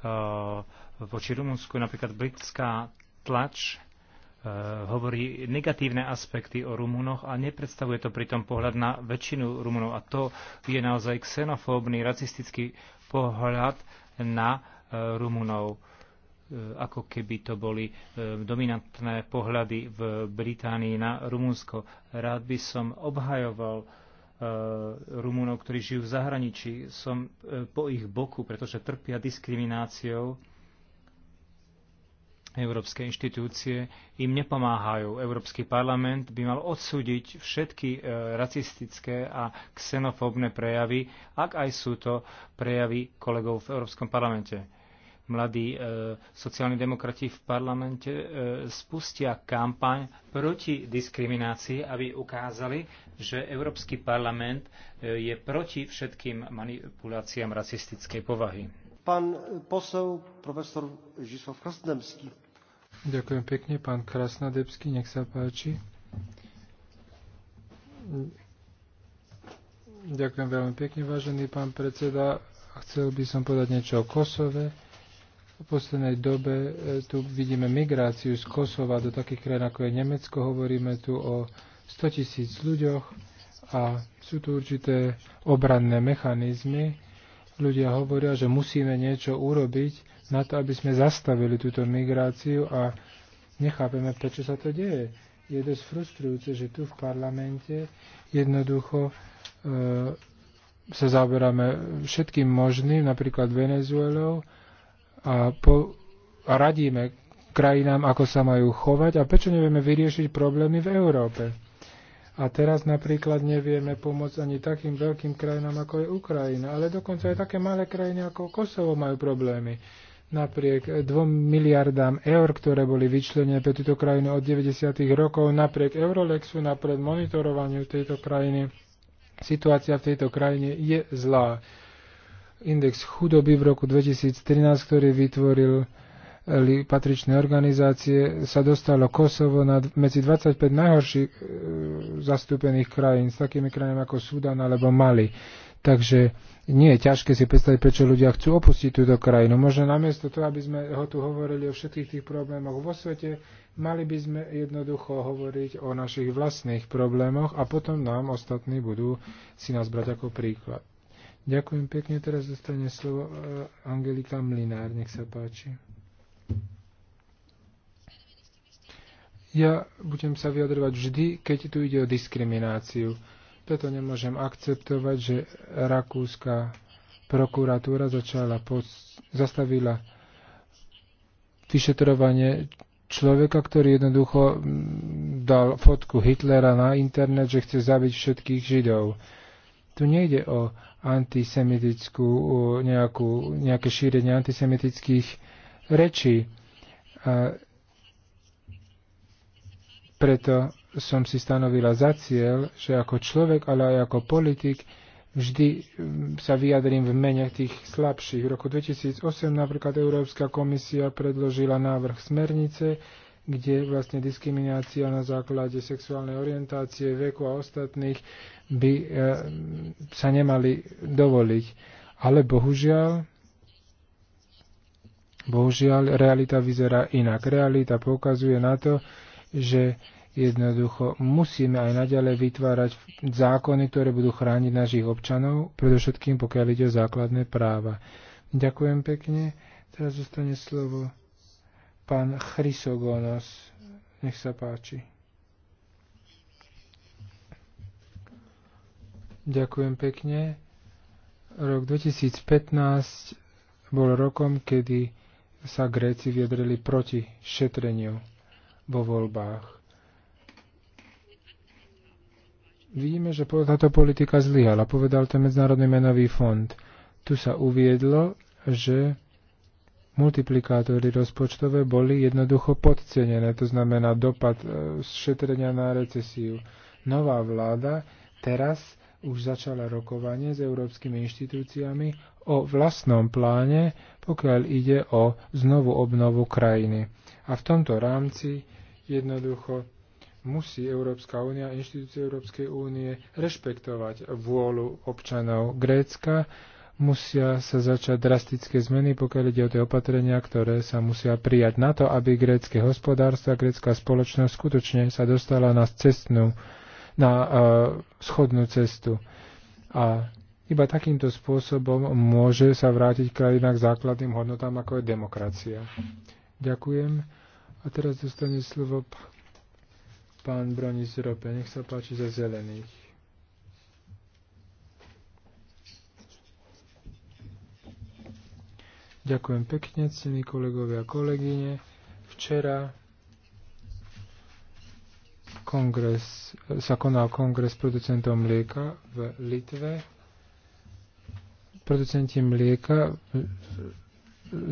Eh, voči Rumunsku. Napríklad britská tlač eh, hovorí negatívne aspekty o Rumunoch a nepredstavuje to pritom pohľad na väčšinu Rumunov. A to je naozaj xenofóbny, racistický pohľad na eh, Rumunov. Ako keby to boli dominantné pohľady v Británii na Rumunsko. Rád by som obhajoval Eh, Rumunov, ktorí žijú v zahraničí. Som eh, po ich boku, pretože trpia diskrimináciou. Európske inštitúcie im nepomáhajú. Európsky parlament by mal odsúdiť všetky eh, racistické a xenofóbne prejavy, ak aj sú to prejavy kolegov v Európskom parlamente mladí e, sociálni demokrati v parlamente e, spustia kampaň proti diskriminácii, aby ukázali, že Európsky parlament e, je proti všetkým manipuláciám rasistickej povahy. Pán posel, profesor Žislav Krasnodebský. Ďakujem pekne, pán Krasnodebský, nech sa páči. Ďakujem veľmi pekne, vážený pán predseda. Chcel by som povedať niečo o Kosove v poslednej dobe e, tu vidíme migráciu z Kosova do takých krajín ako je Nemecko. Hovoríme tu o 100 tisíc ľuďoch a sú tu určité obranné mechanizmy. Ľudia hovoria, že musíme niečo urobiť na to, aby sme zastavili túto migráciu a nechápeme, prečo sa to deje. Je dosť frustrujúce, že tu v parlamente jednoducho e, sa zaoberáme všetkým možným, napríklad Venezuelou, a, po, a radíme krajinám, ako sa majú chovať a prečo nevieme vyriešiť problémy v Európe. A teraz napríklad nevieme pomôcť ani takým veľkým krajinám, ako je Ukrajina, ale dokonca aj také malé krajiny ako Kosovo majú problémy. Napriek 2 miliardám eur, ktoré boli vyčlenené pre túto krajinu od 90. rokov, napriek Eurolexu, napriek monitorovaniu tejto krajiny, situácia v tejto krajine je zlá index chudoby v roku 2013, ktorý vytvoril patričné organizácie, sa dostalo Kosovo na, medzi 25 najhorších e, zastúpených krajín, s takými krajinami ako Sudan alebo Mali. Takže nie je ťažké si predstaviť, prečo ľudia chcú opustiť túto krajinu. Možno namiesto toho, aby sme ho tu hovorili o všetkých tých problémoch vo svete, mali by sme jednoducho hovoriť o našich vlastných problémoch a potom nám ostatní budú si nás brať ako príklad. Ďakujem pekne. Teraz dostane slovo e, Angelika Mlinár. Nech sa páči. Ja budem sa vyjadrovať vždy, keď tu ide o diskrimináciu. Preto nemôžem akceptovať, že rakúska prokuratúra začala pod, zastavila vyšetrovanie človeka, ktorý jednoducho dal fotku Hitlera na internet, že chce zabiť všetkých Židov. Tu nejde o antisemitickú, nejakú, nejaké šírenie antisemitických rečí. A preto som si stanovila za cieľ, že ako človek, ale aj ako politik vždy sa vyjadrím v mene tých slabších. V roku 2008 napríklad Európska komisia predložila návrh smernice, kde vlastne diskriminácia na základe sexuálnej orientácie, veku a ostatných by e, sa nemali dovoliť. Ale bohužiaľ, bohužiaľ realita vyzerá inak. Realita poukazuje na to, že jednoducho musíme aj naďalej vytvárať zákony, ktoré budú chrániť našich občanov, predovšetkým pokiaľ ide o základné práva. Ďakujem pekne. Teraz zostane slovo Pán Chrysogonos, nech sa páči. Ďakujem pekne. Rok 2015 bol rokom, kedy sa Gréci vyjadrili proti šetreniu vo voľbách. Vidíme, že táto politika zlyhala. Povedal to Medzinárodný menový fond. Tu sa uviedlo, že multiplikátory rozpočtové boli jednoducho podcenené, to znamená dopad e, šetrenia na recesiu. Nová vláda teraz už začala rokovanie s európskymi inštitúciami o vlastnom pláne, pokiaľ ide o znovu obnovu krajiny. A v tomto rámci jednoducho musí Európska únia, inštitúcie Európskej únie rešpektovať vôľu občanov Grécka musia sa začať drastické zmeny, pokiaľ ide o tie opatrenia, ktoré sa musia prijať na to, aby grécké hospodárstvo a grécka spoločnosť skutočne sa dostala na cestnú, na uh, schodnú cestu. A iba takýmto spôsobom môže sa vrátiť krajina k základným hodnotám, ako je demokracia. Ďakujem. A teraz dostane slovo pán Bronis Rope. Nech sa páči za zelených. Ďakujem pekne, cení kolegovia a kolegyne. Včera kongres, sa konal kongres producentov mlieka v Litve. Producenti mlieka v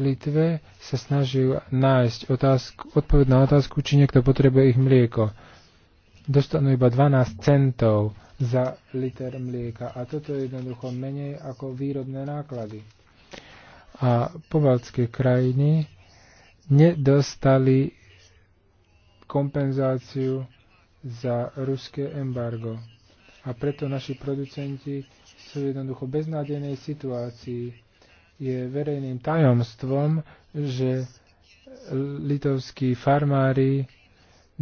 Litve sa snažil nájsť otázku, odpoveď na otázku, či niekto potrebuje ich mlieko. Dostanú iba 12 centov za liter mlieka a toto je jednoducho menej ako výrobné náklady a povalské krajiny nedostali kompenzáciu za ruské embargo. A preto naši producenti sú jednoducho v beznádenej situácii. Je verejným tajomstvom, že litovskí farmári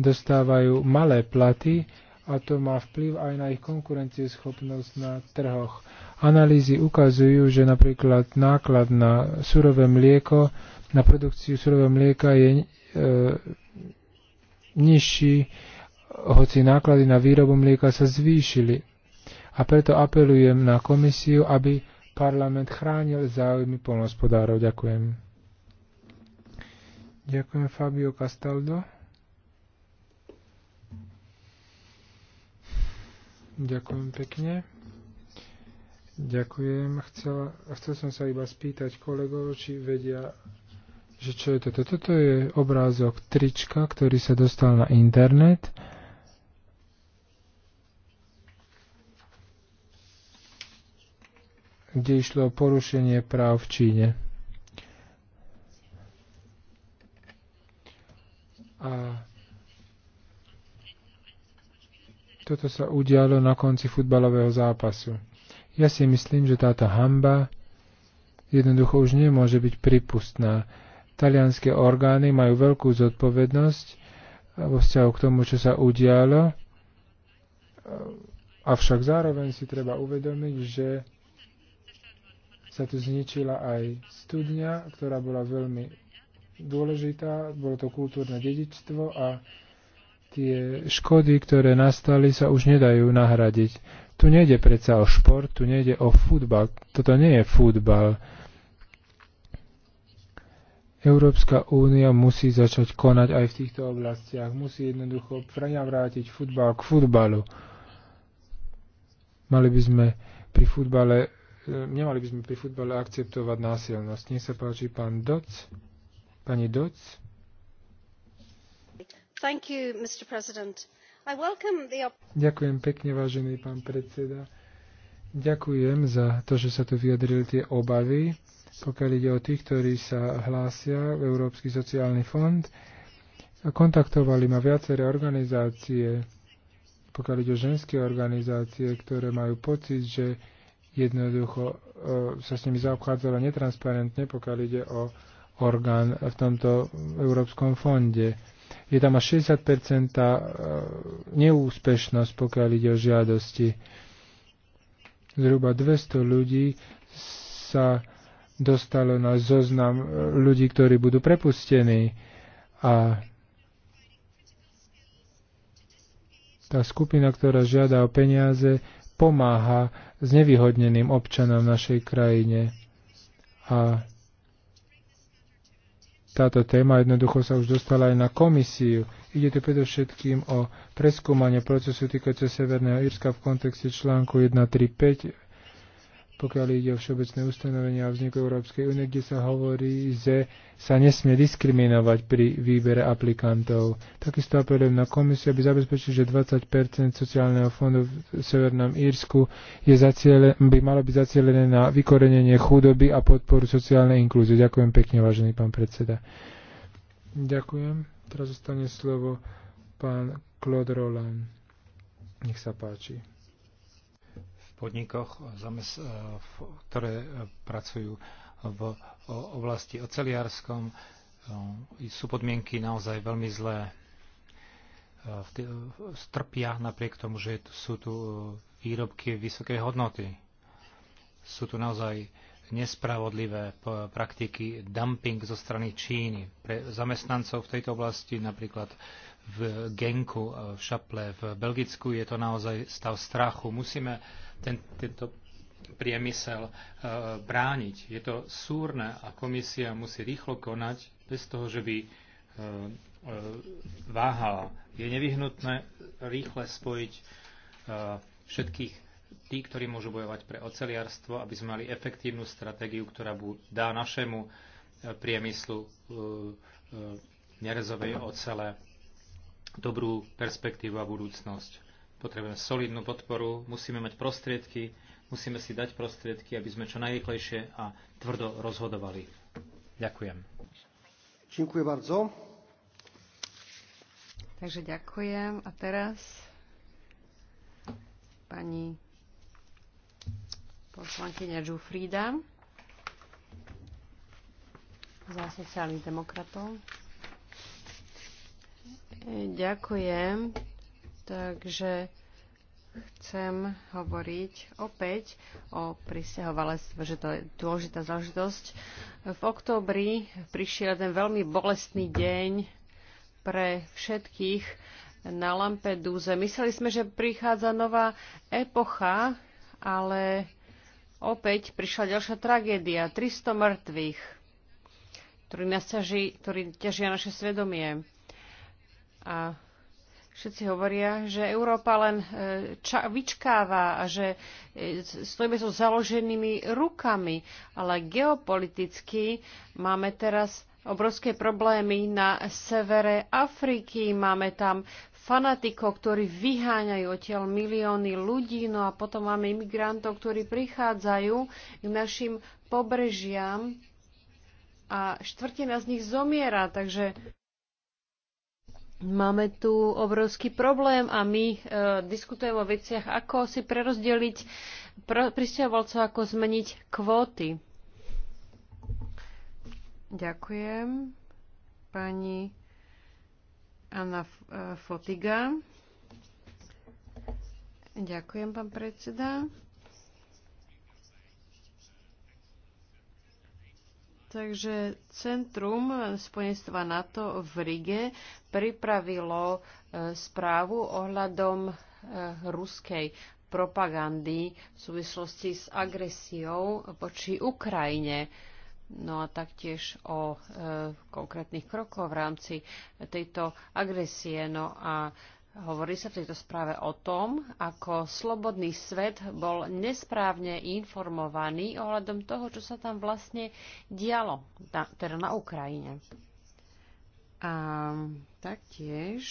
dostávajú malé platy a to má vplyv aj na ich konkurencieschopnosť na trhoch. Analýzy ukazujú, že napríklad náklad na surové mlieko, na produkciu surového mlieka je e, nižší, hoci náklady na výrobu mlieka sa zvýšili. A preto apelujem na komisiu, aby parlament chránil záujmy polnospodárov. Ďakujem. Ďakujem Fabio Castaldo. Ďakujem pekne. Ďakujem. Chcela, chcel som sa iba spýtať kolegov, či vedia, že čo je toto. Toto je obrázok trička, ktorý sa dostal na internet. kde išlo o porušenie práv v Číne. A toto sa udialo na konci futbalového zápasu. Ja si myslím, že táto hamba jednoducho už nemôže byť pripustná. Talianské orgány majú veľkú zodpovednosť eh, vo vzťahu k tomu, čo sa udialo, eh, avšak zároveň si treba uvedomiť, že sa tu zničila aj studňa, ktorá bola veľmi dôležitá, bolo to kultúrne dedičstvo a tie škody, ktoré nastali, sa už nedajú nahradiť. Tu nejde predsa o šport, tu nejde o futbal. Toto nie je futbal. Európska únia musí začať konať aj v týchto oblastiach. Musí jednoducho vrátiť futbal k futbalu. Mali by sme pri futbale e, nemali by sme pri futbale akceptovať násilnosť. Nech sa páči pán Doc. Pani Doc. Thank you, Mr. President. Ďakujem pekne, vážený pán predseda. Ďakujem za to, že sa tu vyjadrili tie obavy, pokiaľ ide o tých, ktorí sa hlásia v Európsky sociálny fond. Kontaktovali ma viaceré organizácie, pokiaľ ide o ženské organizácie, ktoré majú pocit, že jednoducho e, sa s nimi zaobchádzalo netransparentne, pokiaľ ide o orgán v tomto Európskom fonde. Je tam až 60% eh, neúspešnosť, pokiaľ ide o žiadosti. Zhruba 200 ľudí sa dostalo na zoznam eh, ľudí, ktorí budú prepustení. A tá skupina, ktorá žiada o peniaze, pomáha znevýhodneným občanom v našej krajine. A táto téma jednoducho sa už dostala aj na komisiu. Ide tu predovšetkým o preskúmanie procesu týkajúce Severného Írska v kontexte článku 135 pokiaľ ide o všeobecné ustanovenia a vzniku Európskej únie, kde sa hovorí, že sa nesmie diskriminovať pri výbere aplikantov. Takisto apelujem na komisiu, aby zabezpečil, že 20 sociálneho fondu v Severnom Írsku je by malo byť zacielené na vykorenenie chudoby a podporu sociálnej inklúzie. Ďakujem pekne, vážený pán predseda. Ďakujem. Teraz zostane slovo pán Claude Roland. Nech sa páči podnikoch, e, ktoré e, pracujú v oblasti oceliárskom. E, sú podmienky naozaj veľmi zlé. Strpia napriek tomu, že sú tu výrobky vysokej hodnoty. Sú tu naozaj nespravodlivé praktiky dumping zo strany Číny. Pre zamestnancov v tejto oblasti napríklad v Genku, eh, v Šaple, v Belgicku. Je to naozaj stav strachu. Musíme ten, tento priemysel e, brániť. Je to súrne a komisia musí rýchlo konať bez toho, že by e, e, váhala. Je nevyhnutné rýchle spojiť e, všetkých tí, ktorí môžu bojovať pre oceliarstvo, aby sme mali efektívnu stratégiu, ktorá dá našemu priemyslu e, e, nerezovej ocele dobrú perspektívu a budúcnosť. Potrebujeme solidnú podporu, musíme mať prostriedky, musíme si dať prostriedky, aby sme čo najrychlejšie a tvrdo rozhodovali. Ďakujem. Ďakujem bardzo. Takže ďakujem. A teraz pani poslankyňa Žufrída za sociálnych demokratov. Ďakujem. Takže chcem hovoriť opäť o pristahovalectve, že to je dôležitá záležitosť. V októbri prišiel ten veľmi bolestný deň pre všetkých na Lampedúze. Mysleli sme, že prichádza nová epocha, ale opäť prišla ďalšia tragédia. 300 mŕtvych, ktorí, ťaží, ktorí ťažia naše svedomie a všetci hovoria, že Európa len e, ča- vyčkáva a že e, stojíme so založenými rukami, ale geopoliticky máme teraz obrovské problémy na severe Afriky, máme tam fanatikov, ktorí vyháňajú odtiaľ milióny ľudí, no a potom máme imigrantov, ktorí prichádzajú k našim pobrežiam a štvrtina z nich zomiera, takže Máme tu obrovský problém a my e, diskutujeme o veciach, ako si prerozdeliť pr- pristahovalcov, ako zmeniť kvóty. Ďakujem. Pani Anna e, Fotiga. Ďakujem, pán predseda. Takže Centrum spojenstva NATO v Rige pripravilo e, správu ohľadom e, ruskej propagandy v súvislosti s agresiou voči Ukrajine. No a taktiež o e, konkrétnych krokoch v rámci tejto agresie. No a e, Hovorí sa v tejto správe o tom, ako slobodný svet bol nesprávne informovaný ohľadom toho, čo sa tam vlastne dialo, na, teda na Ukrajine. A taktiež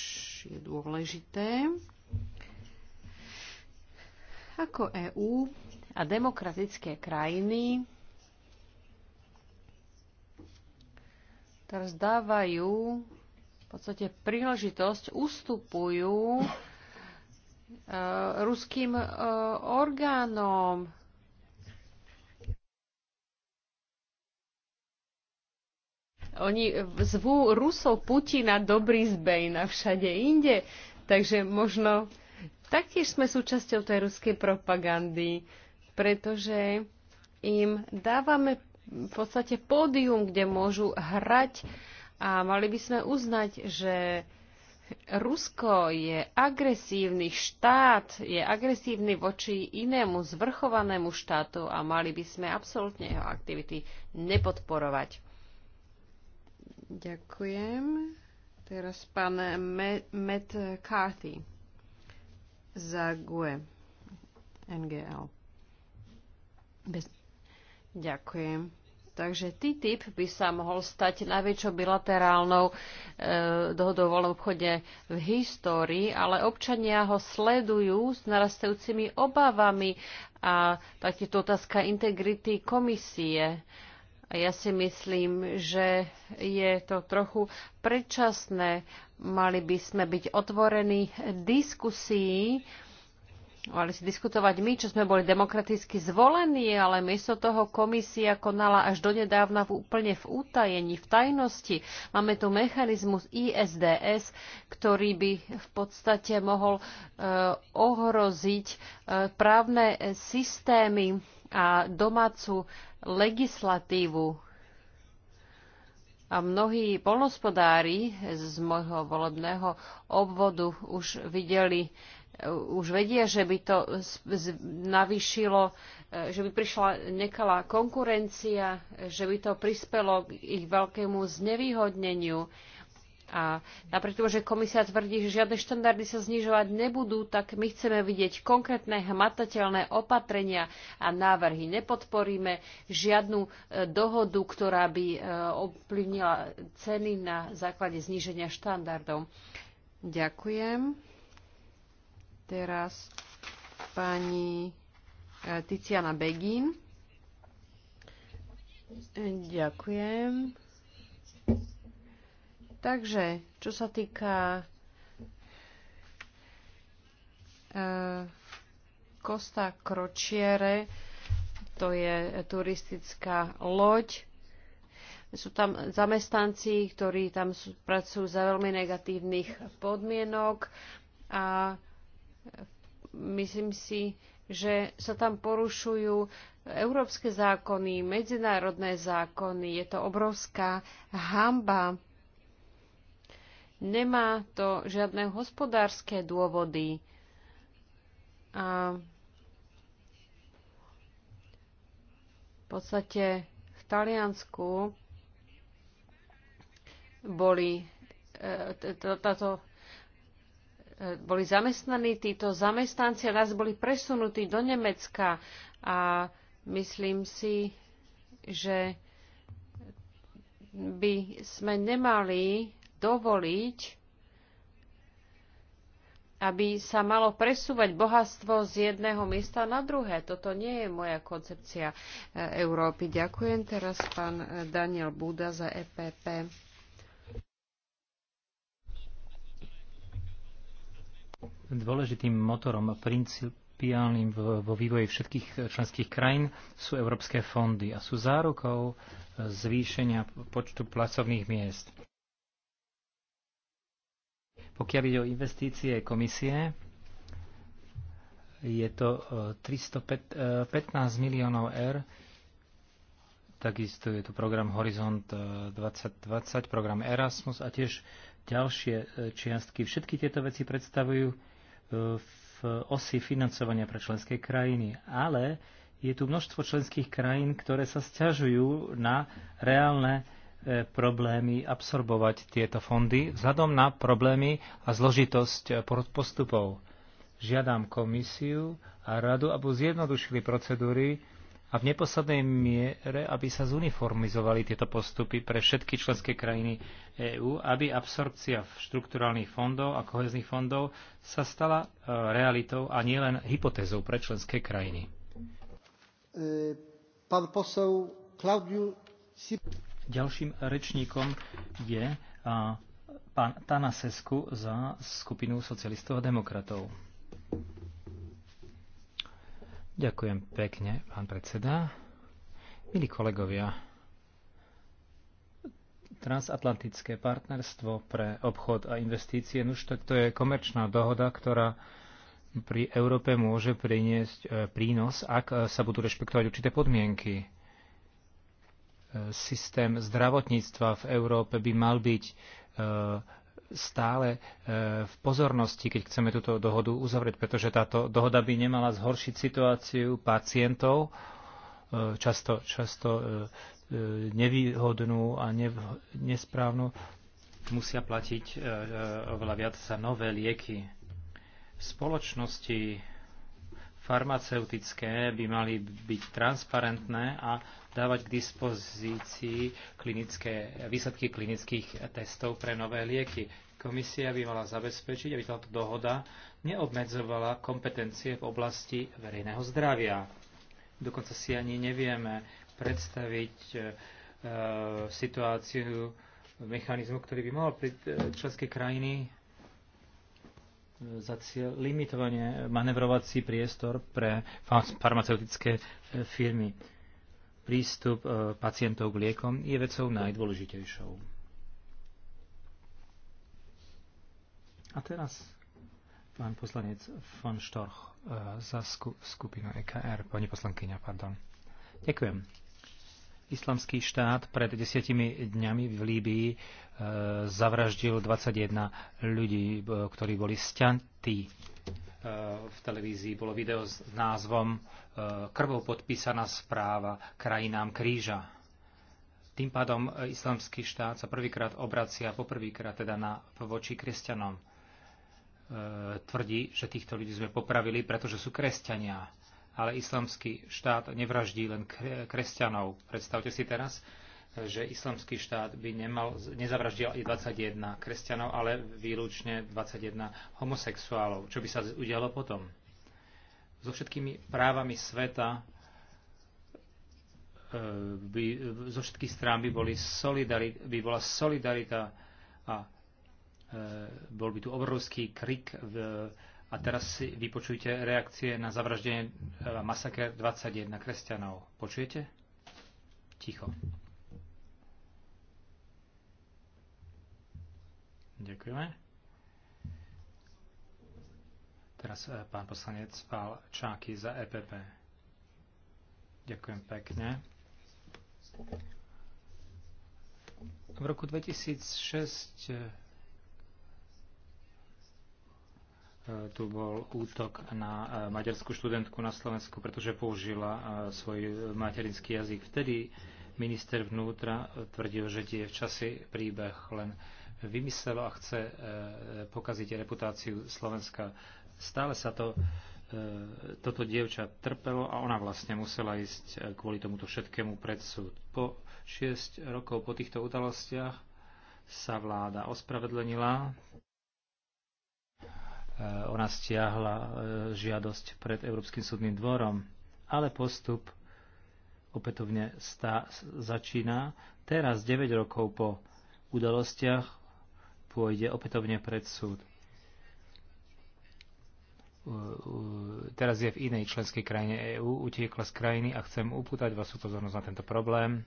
je dôležité, ako EÚ a demokratické krajiny teraz dávajú podstate príležitosť ustupujú e, ruským e, orgánom. Oni zvú Rusov Putina do Brisbane a všade inde, takže možno taktiež sme súčasťou tej ruskej propagandy, pretože im dávame v podstate pódium, kde môžu hrať uh, a mali by sme uznať, že Rusko je agresívny štát, je agresívny voči inému zvrchovanému štátu a mali by sme absolútne jeho aktivity nepodporovať. Ďakujem. Teraz pán Matt Carthy za GUE NGL. Bez... Ďakujem. Takže TTIP by sa mohol stať najväčšou bilaterálnou e, dohodou o voľnom obchode v histórii, ale občania ho sledujú s narastajúcimi obavami a taktiež otázka integrity komisie. A ja si myslím, že je to trochu predčasné. Mali by sme byť otvorení diskusii, mali si diskutovať my, čo sme boli demokraticky zvolení, ale miesto toho komisia konala až donedávna v úplne v útajení, v tajnosti. Máme tu mechanizmus ISDS, ktorý by v podstate mohol e, ohroziť e, právne systémy a domácu legislatívu. A mnohí polnospodári z môjho volebného obvodu už videli už vedia, že by to navýšilo, e, že by prišla nekalá konkurencia, že by to prispelo k ich veľkému znevýhodneniu. A napriek tomu, že komisia tvrdí, že žiadne štandardy sa znižovať nebudú, tak my chceme vidieť konkrétne hmatateľné opatrenia a návrhy. Nepodporíme žiadnu e, dohodu, ktorá by e, ovplyvnila ceny na základe zníženia štandardov. Ďakujem teraz pani e, Tiziana Begin Ďakujem. Takže, čo sa týka Kosta e, Kročiere, to je turistická loď. Sú tam zamestnanci, ktorí tam sú, pracujú za veľmi negatívnych podmienok a Myslím si, že sa tam porušujú európske zákony, medzinárodné zákony. Je to obrovská hamba. Nemá to žiadne hospodárske dôvody. A v podstate v Taliansku boli e, táto boli zamestnaní títo zamestnanci a raz boli presunutí do Nemecka a myslím si, že by sme nemali dovoliť, aby sa malo presúvať bohatstvo z jedného miesta na druhé. Toto nie je moja koncepcia e, Európy. Ďakujem teraz pán e, Daniel Buda za EPP. Dôležitým motorom principiálnym vo vývoji všetkých členských krajín sú európske fondy a sú zárukou zvýšenia počtu pracovných miest. Pokiaľ ide o investície komisie, je to 315 eh, eh, miliónov eur. Takisto je tu program Horizont 2020, eh, program Erasmus a tiež ďalšie e, čiastky. Všetky tieto veci predstavujú e, v osi financovania pre členské krajiny, ale je tu množstvo členských krajín, ktoré sa sťažujú na reálne e, problémy absorbovať tieto fondy vzhľadom na problémy a zložitosť postupov. Žiadam komisiu a radu, aby zjednodušili procedúry, a v neposlednej miere, aby sa zuniformizovali tieto postupy pre všetky členské krajiny EÚ, aby absorpcia štrukturálnych fondov a kohezných fondov sa stala e, realitou a nielen hypotézou pre členské krajiny. E, pán posol Klaudiu Ďalším rečníkom je e, pán Sesku za skupinu socialistov a demokratov. Ďakujem pekne, pán predseda. Milí kolegovia, transatlantické partnerstvo pre obchod a investície, už tak to je komerčná dohoda, ktorá pri Európe môže priniesť e, prínos, ak e, sa budú rešpektovať určité podmienky e, systém zdravotníctva v Európe by mal byť stále e, v pozornosti, keď chceme túto dohodu uzavrieť, pretože táto dohoda by nemala zhoršiť situáciu pacientov, e, často, často e, nevýhodnú a nesprávnu. Musia platiť oveľa viac za nové lieky. V spoločnosti farmaceutické by mali byť transparentné a dávať k dispozícii klinické, výsledky klinických testov pre nové lieky. Komisia by mala zabezpečiť, aby táto dohoda neobmedzovala kompetencie v oblasti verejného zdravia. Dokonca si ani nevieme predstaviť e, e situáciu mechanizmu, ktorý by mohol pri e, členské krajiny za cieľ limitovanie manevrovací priestor pre farmaceutické e, firmy. Prístup e, pacientov k liekom je vecou najdôležitejšou. A teraz pán poslanec von Storch e, za skupinu EKR, pani poslankyňa, pardon. Ďakujem. Islamský štát pred desiatimi dňami v Líbii e, zavraždil 21 ľudí, e, ktorí boli stiantí. E, v televízii bolo video s názvom e, Krvou podpísaná správa krajinám kríža. Tým pádom e, islamský štát sa prvýkrát obracia, poprvýkrát teda na, voči kresťanom. E, tvrdí, že týchto ľudí sme popravili, pretože sú kresťania ale islamský štát nevraždí len kresťanov. Predstavte si teraz, že islamský štát by nemal, nezavraždil i 21 kresťanov, ale výlučne 21 homosexuálov. Čo by sa udialo potom? So všetkými právami sveta e, by, zo všetkých strán by, boli solidari, by bola solidarita a e, bol by tu obrovský krik v, a teraz si vypočujte reakcie na zavraždenie e, masaker 21 kresťanov. Počujete? Ticho. Ďakujeme. Teraz e, pán poslanec Pál Čáky za EPP. Ďakujem pekne. V roku 2006 tu bol útok na e, maďarskú študentku na Slovensku, pretože použila e, svoj materinský jazyk. Vtedy minister vnútra tvrdil, že tie čase príbeh len vymyslel a chce e, pokaziť reputáciu Slovenska. Stále sa to, toto dievča trpelo a ona vlastne musela ísť kvôli tomuto všetkému pred súd. Po 6 rokov po týchto udalostiach sa vláda ospravedlenila Eh, ona stiahla eh, žiadosť pred Európskym súdnym dvorom, ale postup opätovne stá, začína. Teraz, 9 rokov po udalostiach, pôjde opätovne pred súd. Teraz je v inej členskej krajine EÚ, utiekla z krajiny a chcem upútať vašu pozornosť na tento problém.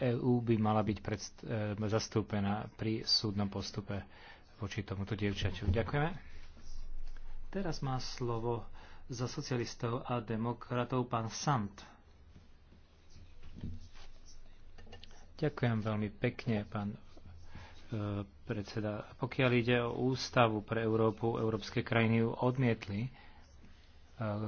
EÚ by mala byť predst- e, zastúpená pri súdnom postupe voči tomuto dievčaťu. Ďakujeme. Teraz má slovo za socialistov a demokratov pán Sant. Ďakujem veľmi pekne, pán e, predseda. Pokiaľ ide o ústavu pre Európu, európske krajiny ju odmietli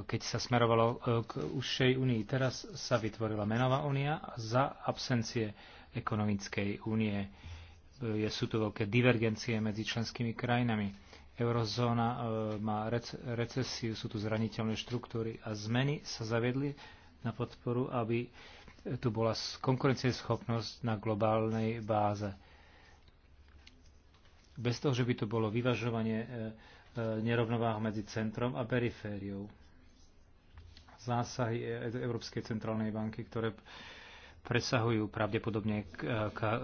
keď sa smerovalo e, k užšej únii. Teraz sa vytvorila menová únia za absencie ekonomickej únie. E, je, sú tu veľké divergencie medzi členskými krajinami. Eurozóna e, má recesiu, sú tu zraniteľné štruktúry a zmeny sa zaviedli na podporu, aby tu bola konkurencieschopnosť na globálnej báze. Bez toho, že by to bolo vyvažovanie E, nerovnováha medzi centrom a perifériou. Zásahy e- e- Európskej centrálnej banky, ktoré presahujú pravdepodobne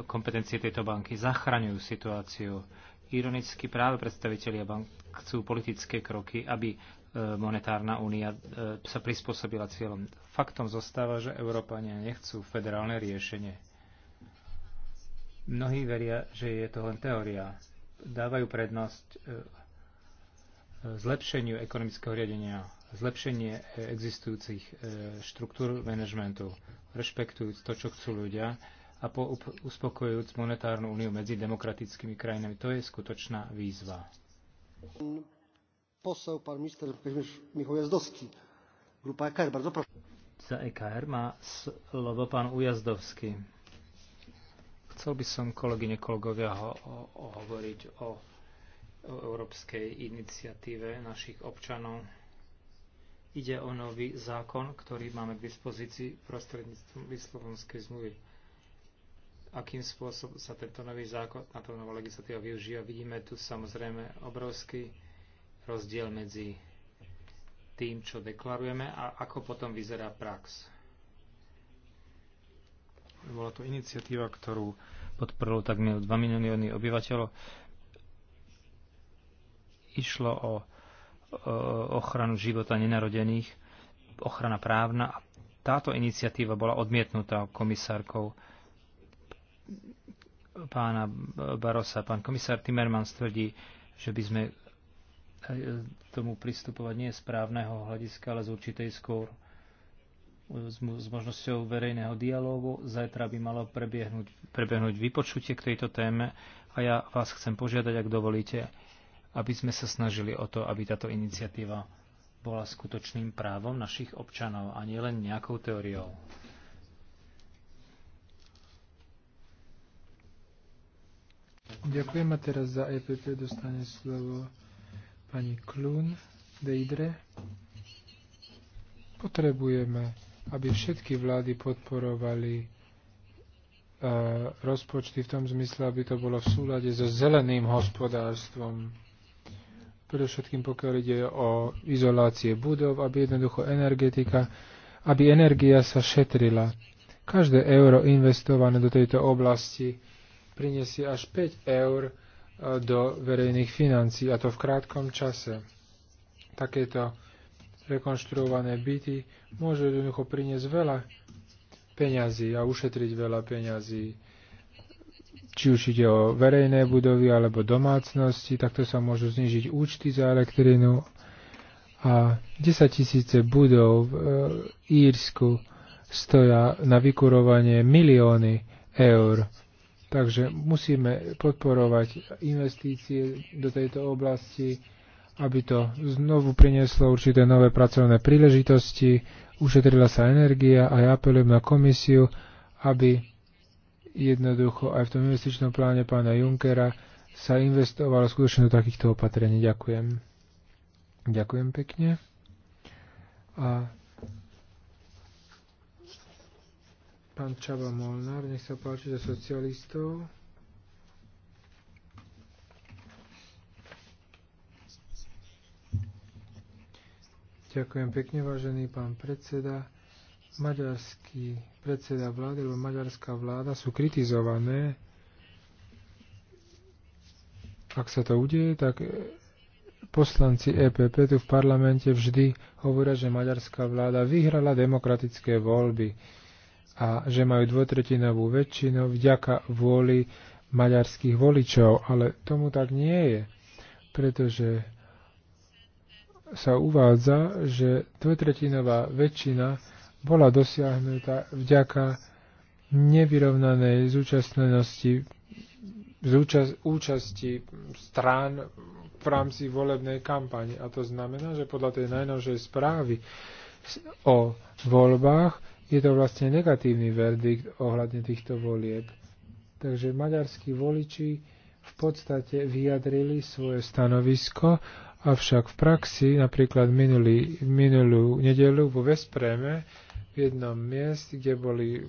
kompetencie tejto banky, zachraňujú situáciu. Ironicky práve predstavitelia bank chcú politické kroky, aby monetárna únia sa prispôsobila cieľom. Faktom zostáva, že Európania nechcú federálne riešenie. Mnohí veria, že je to len teória. Dávajú prednosť zlepšeniu ekonomického riadenia, zlepšenie e, existujúcich e, štruktúr manažmentu, rešpektujúc to, čo chcú ľudia a po, uspokojujúc monetárnu úniu medzi demokratickými krajinami. To je skutočná výzva. Poseł, pán minister Michał Jazdowski, grupa EKR, bardzo proszę. Za EKR má slovo pán Ujazdovský. Chcel by som, kolegyne, kolegovia, ho, ho, hovoriť o o európskej iniciatíve našich občanov. Ide o nový zákon, ktorý máme k dispozícii prostredníctvom Lislovonskej zmluvy. Akým spôsobom sa tento nový zákon, na to nová legislatíva využíva, vidíme tu samozrejme obrovský rozdiel medzi tým, čo deklarujeme a ako potom vyzerá prax. Bola to iniciatíva, ktorú podporilo takmer 2 milióny obyvateľov Išlo o ochranu života nenarodených, ochrana právna a táto iniciatíva bola odmietnutá komisárkou pána Barosa. Pán komisár Timmermans tvrdí, že by sme e, tomu pristupovať nie z právneho hľadiska, ale z určitej skôr s možnosťou verejného dialógu. Zajtra by malo prebiehnúť, prebiehnúť vypočutie k tejto téme a ja vás chcem požiadať, ak dovolíte, aby sme sa snažili o to, aby táto iniciatíva bola skutočným právom našich občanov a nielen nejakou teóriou. Ďakujem a teraz za EPP dostane slovo pani Klun Deidre. Potrebujeme, aby všetky vlády podporovali e, rozpočty v tom zmysle, aby to bolo v súlade so zeleným hospodárstvom predovšetkým pokiaľ ide o izolácie budov, aby jednoducho energetika, aby energia sa šetrila. Každé euro investované do tejto oblasti prinesie až 5 eur e, do verejných financí, a to v krátkom čase. Takéto rekonštruované byty môžu jednoducho priniesť veľa peňazí a ušetriť veľa peňazí či už ide o verejné budovy alebo domácnosti, takto sa môžu znižiť účty za elektrinu a 10 tisíce budov v e, Írsku stoja na vykurovanie milióny eur. Takže musíme podporovať investície do tejto oblasti, aby to znovu prinieslo určité nové pracovné príležitosti, ušetrila sa energia a ja apelujem na komisiu, aby Jednoducho aj v tom investičnom pláne pána Junkera sa investovalo skutočne do takýchto opatrení. Ďakujem. Ďakujem pekne. A pán Čaba Molnár, nech sa páči za socialistov. Ďakujem pekne, vážený pán predseda maďarský predseda vlády alebo maďarská vláda sú kritizované. Ak sa to udeje, tak e, poslanci EPP tu v parlamente vždy hovoria, že maďarská vláda vyhrala demokratické voľby a že majú dvotretinovú väčšinu vďaka vôli maďarských voličov, ale tomu tak nie je, pretože sa uvádza, že dvotretinová väčšina bola dosiahnutá vďaka nevyrovnanej zúčastnenosti zúčast, účasti strán v rámci volebnej kampane. A to znamená, že podľa tej najnovšej správy o voľbách je to vlastne negatívny verdikt ohľadne týchto volieb. Takže maďarskí voliči v podstate vyjadrili svoje stanovisko, avšak v praxi, napríklad minulý, minulú nedelu vo Vespreme, v jednom miest, kde boli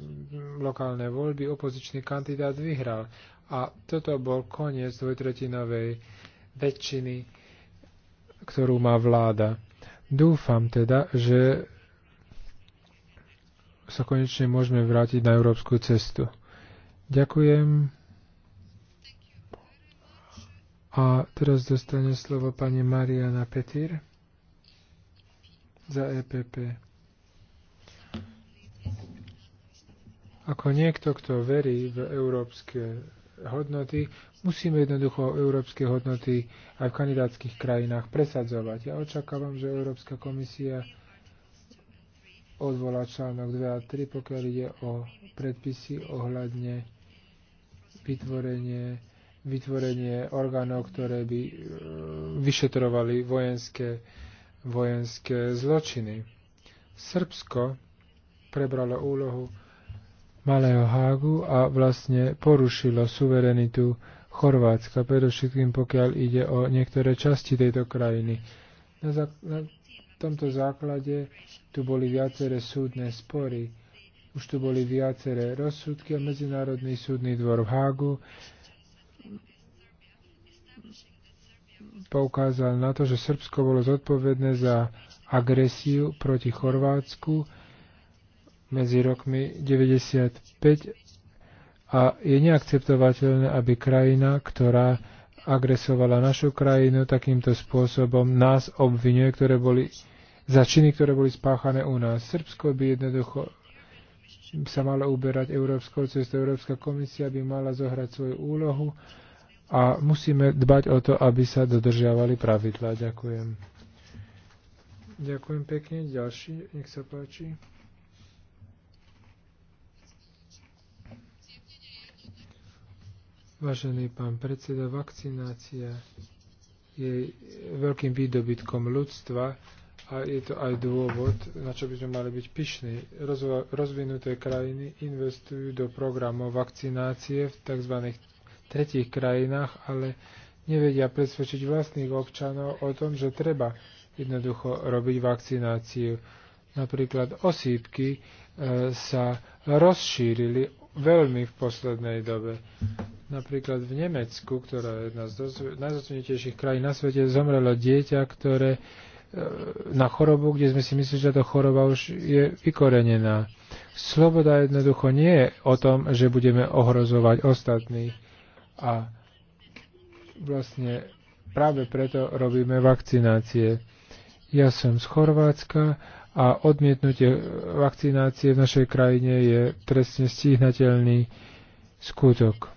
lokálne voľby, opozičný kandidát vyhral. A toto bol koniec dvojtretinovej väčšiny, ktorú má vláda. Dúfam teda, že sa konečne môžeme vrátiť na európsku cestu. Ďakujem. A teraz dostane slovo pani Mariana Petir za EPP. Ako niekto, kto verí v európske hodnoty, musíme jednoducho európske hodnoty aj v kandidátskych krajinách presadzovať. Ja očakávam, že Európska komisia odvolá článok 2 a 3, pokiaľ ide o predpisy ohľadne vytvorenie, vytvorenie orgánov, ktoré by e, vyšetrovali vojenské, vojenské zločiny. Srbsko prebralo úlohu Malého Hágu a vlastne porušilo suverenitu Chorvátska, predovšetkým pokiaľ ide o niektoré časti tejto krajiny. Na, zá- na tomto základe tu boli viaceré súdne spory, už tu boli viaceré rozsudky a Medzinárodný súdny dvor v Hágu poukázal na to, že Srbsko bolo zodpovedné za agresiu proti Chorvátsku, medzi rokmi 95 a je neakceptovateľné, aby krajina, ktorá agresovala našu krajinu takýmto spôsobom, nás obvinuje, ktoré boli za činy, ktoré boli spáchané u nás. Srbsko by jednoducho sa malo uberať európskou cestou. Európska komisia by mala zohrať svoju úlohu a musíme dbať o to, aby sa dodržiavali pravidlá. Ďakujem. Ďakujem pekne. Ďalší, nech sa páči. Vážený pán predseda, vakcinácia je veľkým výdobytkom ľudstva a je to aj dôvod, na čo by sme mali byť pyšní. rozvinuté krajiny investujú do programov vakcinácie v tzv. tretich krajinách, ale nevedia presvedčiť vlastných občanov o tom, že treba jednoducho robiť vakcináciu. Napríklad osýpky e, sa rozšírili veľmi v poslednej dobe. Napríklad v Nemecku, ktorá je jedna z najzasúnitejších krajín na svete, zomrelo dieťa, ktoré e, na chorobu, kde sme si mysleli, že tá choroba už je vykorenená. Sloboda jednoducho nie je o tom, že budeme ohrozovať ostatných. A vlastne práve preto robíme vakcinácie. Ja som z Chorvátska a odmietnutie vakcinácie v našej krajine je trestne stíhnateľný skutok.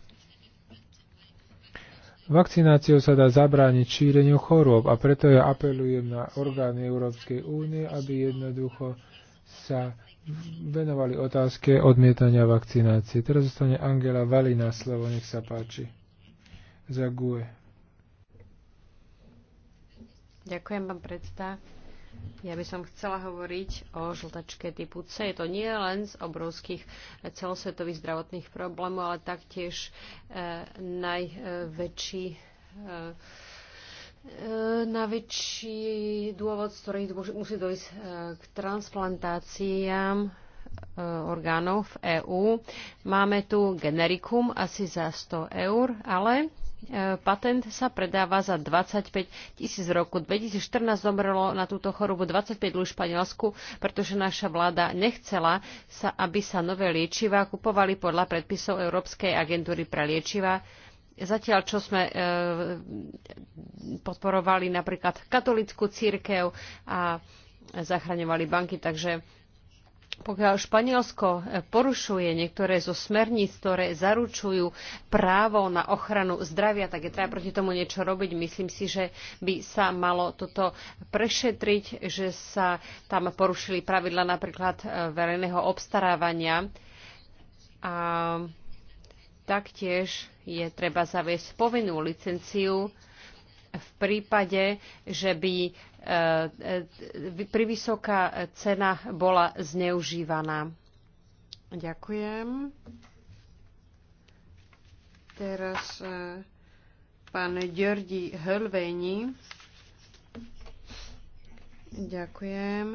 Vakcináciou sa dá zabrániť šíreniu chorôb a preto ja apelujem na orgány Európskej únie, aby jednoducho sa venovali otázke odmietania vakcinácie. Teraz zostane Angela Valina slovo, nech sa páči. Za GUE. Ďakujem, pán predstav. Ja by som chcela hovoriť o žltačke typu C. To nie len z obrovských celosvetových zdravotných problémov, ale taktiež e, najväčší e, e najväčší dôvod, z ktorých musí dojsť e, k transplantáciám e, orgánov v EÚ. Máme tu generikum asi za 100 eur, ale E, patent sa predáva za 25 tisíc rokov. roku 2014 zomrelo na túto chorobu 25 ľudí v Španielsku, pretože naša vláda nechcela, sa, aby sa nové liečiva kupovali podľa predpisov Európskej agentúry pre liečiva. Zatiaľ, čo sme e, podporovali napríklad katolickú církev a zachraňovali banky, takže pokiaľ Španielsko e, porušuje niektoré zo smerníc, ktoré zaručujú právo na ochranu zdravia, tak je treba proti tomu niečo robiť. Myslím si, že by sa malo toto prešetriť, že sa tam porušili pravidla napríklad e, verejného obstarávania. A taktiež je treba zaviesť povinnú licenciu v prípade, že by e, e, vysoká cena bola zneužívaná. Ďakujem. Teraz e, pán Ďordi Hlveni. Ďakujem.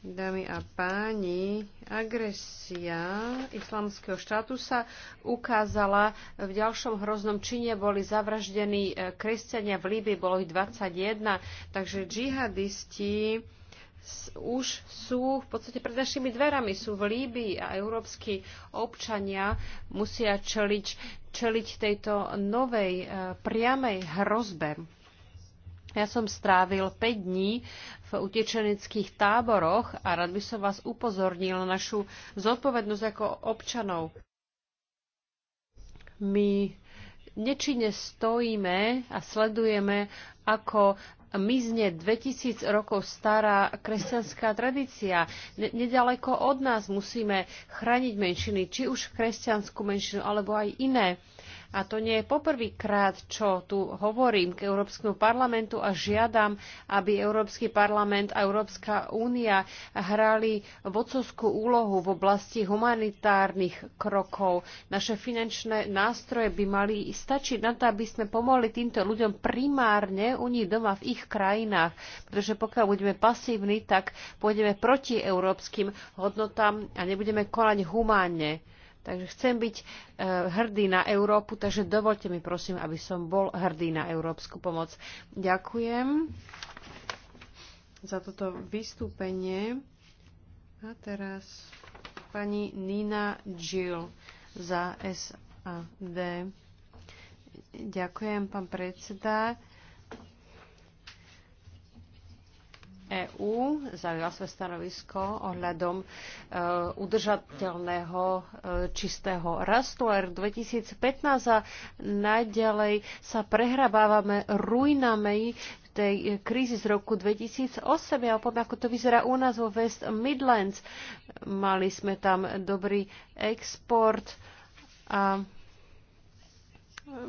Dámy a páni, agresia islamského štátu sa ukázala v ďalšom hroznom čine. Boli zavraždení e, kresťania v Líbii, bolo ich 21, takže džihadisti už sú v podstate pred našimi dverami, sú v Líbii a európsky občania musia čeliť, čeliť tejto novej e, priamej hrozbe ja som strávil 5 dní v utečeneckých táboroch a rád by som vás upozornil na našu zodpovednosť ako občanov. My nečine stojíme a sledujeme, ako mizne 2000 rokov stará kresťanská tradícia. Nedaleko od nás musíme chrániť menšiny, či už kresťanskú menšinu, alebo aj iné. A to nie je poprvýkrát, čo tu hovorím k Európskemu parlamentu a žiadam, aby Európsky parlament a Európska únia hrali vodcovskú úlohu v oblasti humanitárnych krokov. Naše finančné nástroje by mali stačiť na to, aby sme pomohli týmto ľuďom primárne u nich doma v ich krajinách, pretože pokiaľ budeme pasívni, tak pôjdeme proti európskym hodnotám a nebudeme konať humánne. Takže chcem byť e, hrdý na Európu, takže dovolte mi prosím, aby som bol hrdý na európsku pomoc. Ďakujem za toto vystúpenie. A teraz pani Nina Jill za SAD. Ďakujem, pán predseda. EÚ zaujala svoje stanovisko ohľadom e, udržateľného e, čistého rastu. A 2015 a najďalej sa prehrabávame ruinami tej krízy z roku 2008. Ja poviem, ako to vyzerá u nás vo West Midlands. Mali sme tam dobrý export a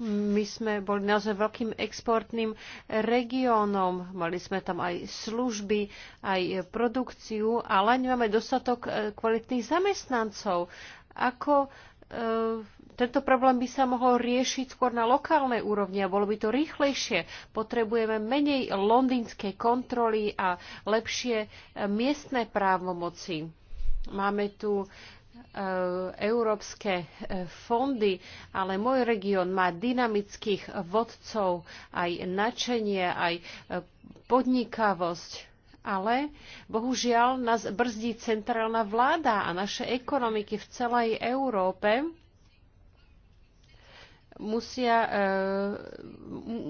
my sme boli naozaj veľkým exportným regiónom. Mali sme tam aj služby, aj produkciu, ale nemáme dostatok e, kvalitných zamestnancov. Ako e, tento problém by sa mohol riešiť skôr na lokálnej úrovni a bolo by to rýchlejšie. Potrebujeme menej londýnskej kontroly a lepšie e, miestne právomoci. Máme tu Eh, európske eh, fondy, ale môj región má dynamických vodcov, aj načenie, aj eh, podnikavosť. Ale bohužiaľ nás brzdí centrálna vláda a naše ekonomiky v celej Európe musia, e,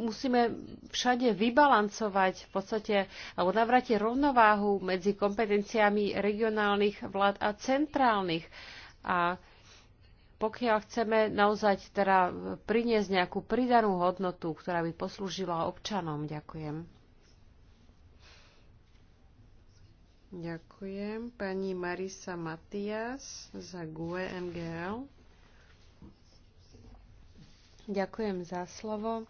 musíme všade vybalancovať v podstate alebo navrátiť rovnováhu medzi kompetenciami regionálnych vlád a centrálnych. A pokiaľ chceme naozaj teda priniesť nejakú pridanú hodnotu, ktorá by poslúžila občanom. Ďakujem. Ďakujem. Pani Marisa Matias za GUE MGL. Ďakujem za slovo.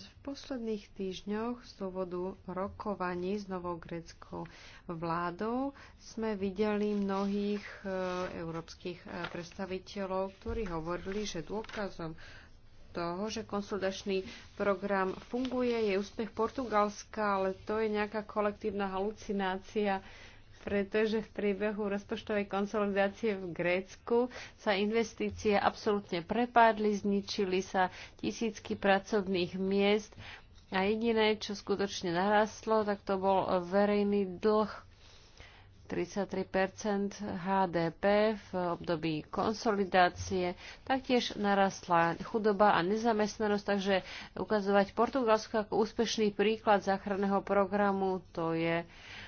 V posledných týždňoch z dôvodu rokovaní s novou greckou vládou sme videli mnohých e, európskych e, predstaviteľov, ktorí hovorili, že dôkazom toho, že konsultačný program funguje, je úspech Portugalska, ale to je nejaká kolektívna halucinácia pretože v priebehu rozpočtovej konsolidácie v Grécku sa investície absolútne prepadli, zničili sa tisícky pracovných miest a jediné, čo skutočne narastlo, tak to bol verejný dlh 33 HDP v období konsolidácie. Taktiež narastla chudoba a nezamestnanosť, takže ukazovať Portugalsko ako úspešný príklad záchranného programu, to je uh,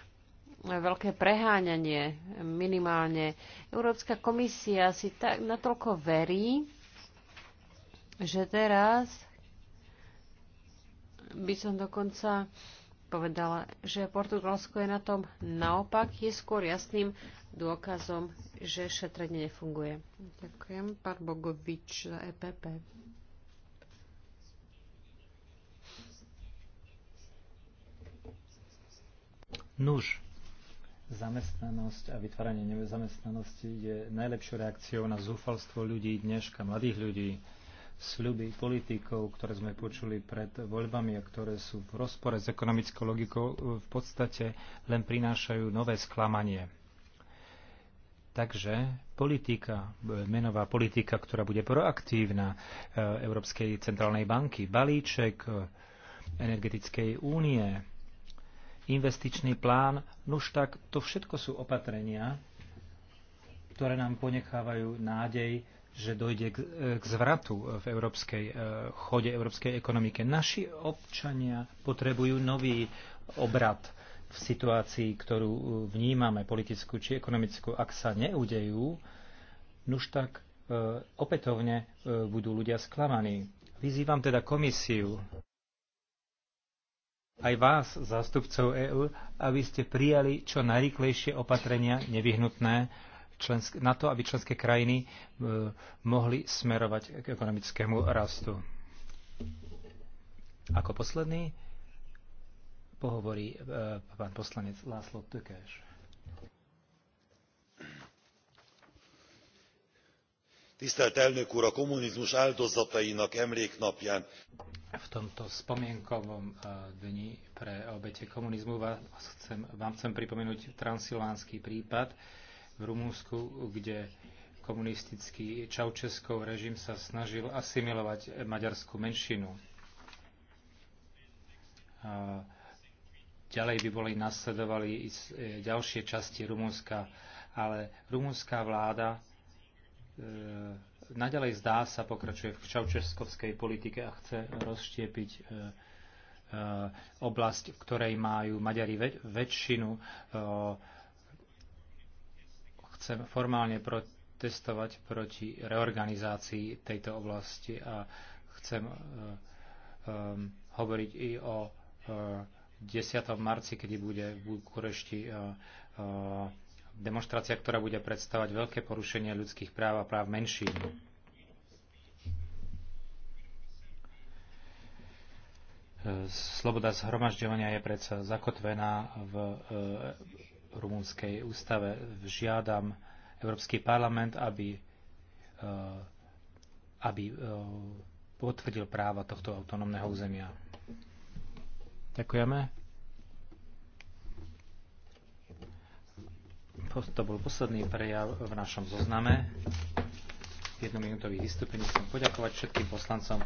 veľké preháňanie minimálne. Európska komisia si tak natoľko verí, že teraz by som dokonca povedala, že Portugalsko je na tom naopak, je skôr jasným dôkazom, že šetrenie nefunguje. Ďakujem, pán Bogovič za EPP. Nuž, zamestnanosť a vytváranie nezamestnanosti je najlepšou reakciou na zúfalstvo ľudí dneška, mladých ľudí, sľuby politikov, ktoré sme počuli pred voľbami a ktoré sú v rozpore s ekonomickou logikou, v podstate len prinášajú nové sklamanie. Takže politika, menová politika, ktorá bude proaktívna e, Európskej centrálnej banky, balíček e, energetickej únie, investičný plán. Nuž tak, to všetko sú opatrenia, ktoré nám ponechávajú nádej, že dojde k zvratu v európskej e, chode európskej ekonomike. Naši občania potrebujú nový obrad v situácii, ktorú e, vnímame, politickú či ekonomickú. Ak sa neudejú, nuž tak e, opätovne budú ľudia sklamaní. Vyzývam teda komisiu, aj vás, zástupcov EÚ, aby ste prijali čo najrychlejšie opatrenia nevyhnutné na to, aby členské krajiny e, mohli smerovať k ekonomickému rastu. Ako posledný pohovorí e, pán poslanec Láslo Tökeš. tisztelt elnök úr a kommunizmus áldozatainak emléknapján v tomto spomienkovom eh, dni pre obete komunizmu chcem, vám chcem pripomenúť transilvánsky prípad v Rumúnsku, kde komunistický Čaučeskov režim sa snažil asimilovať maďarskú menšinu. Ďalej by boli nasledovali eh, ďalšie časti Rumúnska, ale rumúnska vláda E, naďalej zdá sa pokračuje v čaučeskovskej politike a chce rozštiepiť e, e, oblasť, v ktorej majú Maďari väčšinu. Chcem formálne protestovať proti reorganizácii tejto oblasti a chcem hovoriť i o 10. marci, kedy bude v Bukurešti demonstrácia, ktorá bude predstavať veľké porušenie ľudských práv a práv menšín. Sloboda zhromažďovania je predsa zakotvená v e, rumúnskej ústave. Žiadam Európsky parlament, aby, e, aby e, potvrdil práva tohto autonómneho územia. Ďakujeme. To bol posledný prejav v našom zozname jednominútových vystúpení. Chcem poďakovať všetkým poslancom.